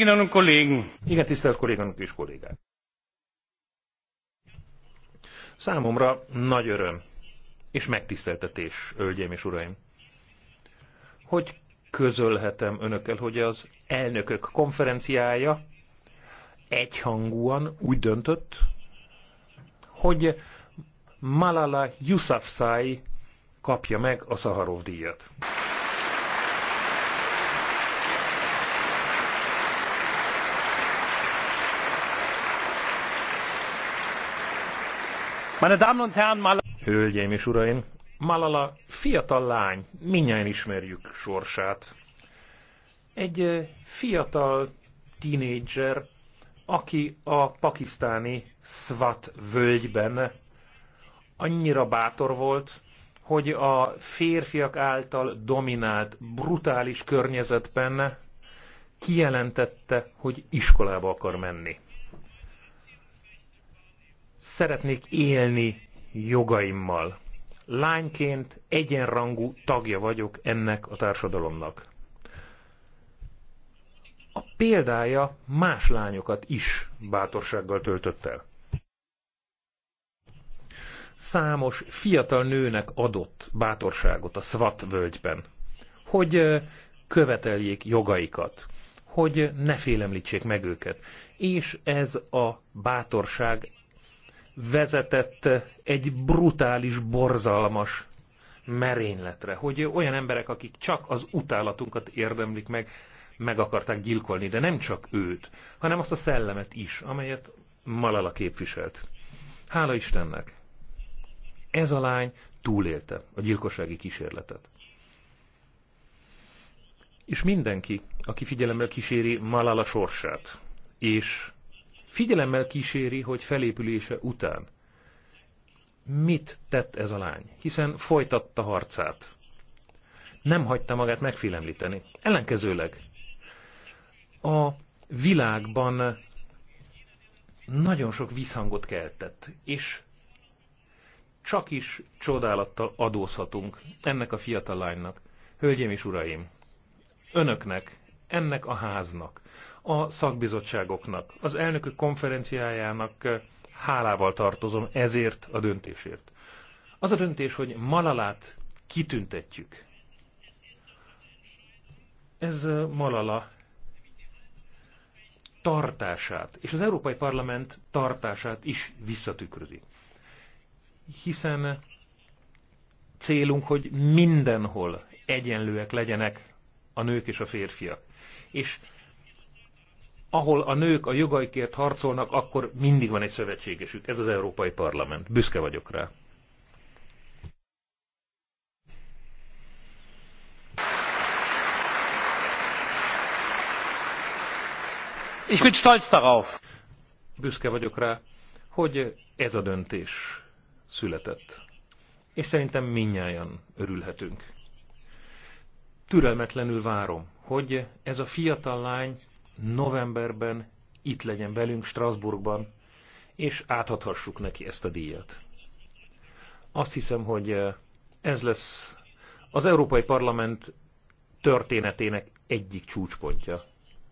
Kolleginnen und Kollegen! Igen, tisztelt kolléganok és kollégák! Számomra nagy öröm és megtiszteltetés, hölgyeim és uraim, hogy közölhetem önökkel, hogy az elnökök konferenciája egyhangúan úgy döntött, hogy Malala Yousafzai kapja meg a Szaharov díjat. Hölgyeim és uraim, Malala fiatal lány, minnyáján ismerjük sorsát. Egy fiatal tínédzser, aki a pakisztáni Svat völgyben annyira bátor volt, hogy a férfiak által dominált, brutális környezetben kijelentette, hogy iskolába akar menni szeretnék élni jogaimmal. Lányként egyenrangú tagja vagyok ennek a társadalomnak. A példája más lányokat is bátorsággal töltött el. Számos fiatal nőnek adott bátorságot a Svat völgyben, hogy követeljék jogaikat, hogy ne félemlítsék meg őket. És ez a bátorság vezetett egy brutális, borzalmas merényletre, hogy olyan emberek, akik csak az utálatunkat érdemlik meg, meg akarták gyilkolni, de nem csak őt, hanem azt a szellemet is, amelyet Malala képviselt. Hála Istennek! Ez a lány túlélte a gyilkossági kísérletet. És mindenki, aki figyelemmel kíséri Malala sorsát, és figyelemmel kíséri, hogy felépülése után mit tett ez a lány, hiszen folytatta harcát. Nem hagyta magát megfélemlíteni. Ellenkezőleg a világban nagyon sok visszhangot keltett, és csak is csodálattal adózhatunk ennek a fiatal lánynak. Hölgyeim és uraim, önöknek, ennek a háznak, a szakbizottságoknak, az elnökök konferenciájának eh, hálával tartozom ezért a döntésért. Az a döntés, hogy Malalát kitüntetjük. Ez eh, Malala tartását, és az Európai Parlament tartását is visszatükrözi. Hiszen eh, célunk, hogy mindenhol egyenlőek legyenek a nők és a férfiak. És ahol a nők a jogaikért harcolnak, akkor mindig van egy szövetségesük. Ez az Európai Parlament. Büszke vagyok rá. Ich bin stolz darauf. Büszke vagyok rá, hogy ez a döntés született. És szerintem minnyáján örülhetünk. Türelmetlenül várom, hogy ez a fiatal lány novemberben itt legyen velünk Strasbourgban, és átadhassuk neki ezt a díjat. Azt hiszem, hogy eh, ez lesz az Európai Parlament történetének egyik csúcspontja.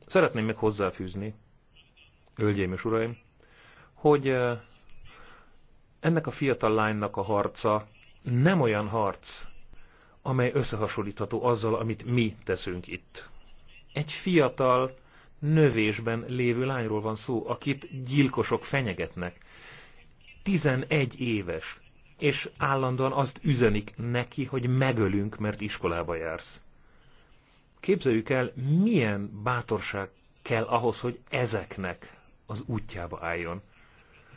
Szeretném még hozzáfűzni, hölgyeim és uraim, hogy eh, ennek a fiatal lánynak a harca nem olyan harc, amely összehasonlítható azzal, amit mi teszünk itt. Egy fiatal, növésben lévő lányról van szó, akit gyilkosok fenyegetnek. 11 éves, és állandóan azt üzenik neki, hogy megölünk, mert iskolába jársz. Képzeljük el, milyen bátorság kell ahhoz, hogy ezeknek az útjába álljon.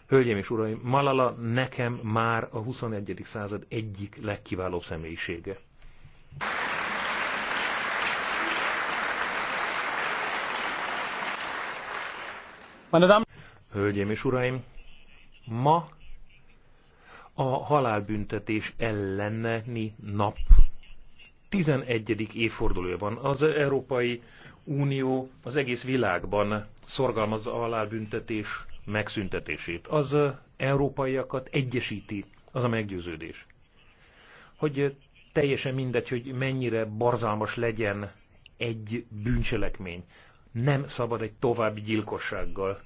Hölgyeim és uraim, Malala nekem már a 21. század egyik legkiválóbb személyisége. Hölgyeim és uraim, ma a halálbüntetés elleni nap 11. évfordulója van. Az Európai Unió az egész világban szorgalmazza a halálbüntetés megszüntetését. Az európaiakat egyesíti az a meggyőződés. Hogy teljesen mindegy, hogy mennyire barzalmas legyen egy bűncselekmény nem szabad egy további gyilkossággal